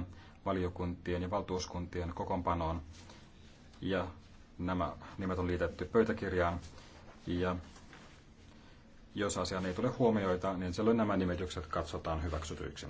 muutoksia valiokuntien ja valtuuskuntien kokoonpanoon. Ja nämä nimet on liitetty pöytäkirjaan. Ja jos asiaan ei tule huomioita, niin silloin nämä nimitykset katsotaan hyväksytyiksi.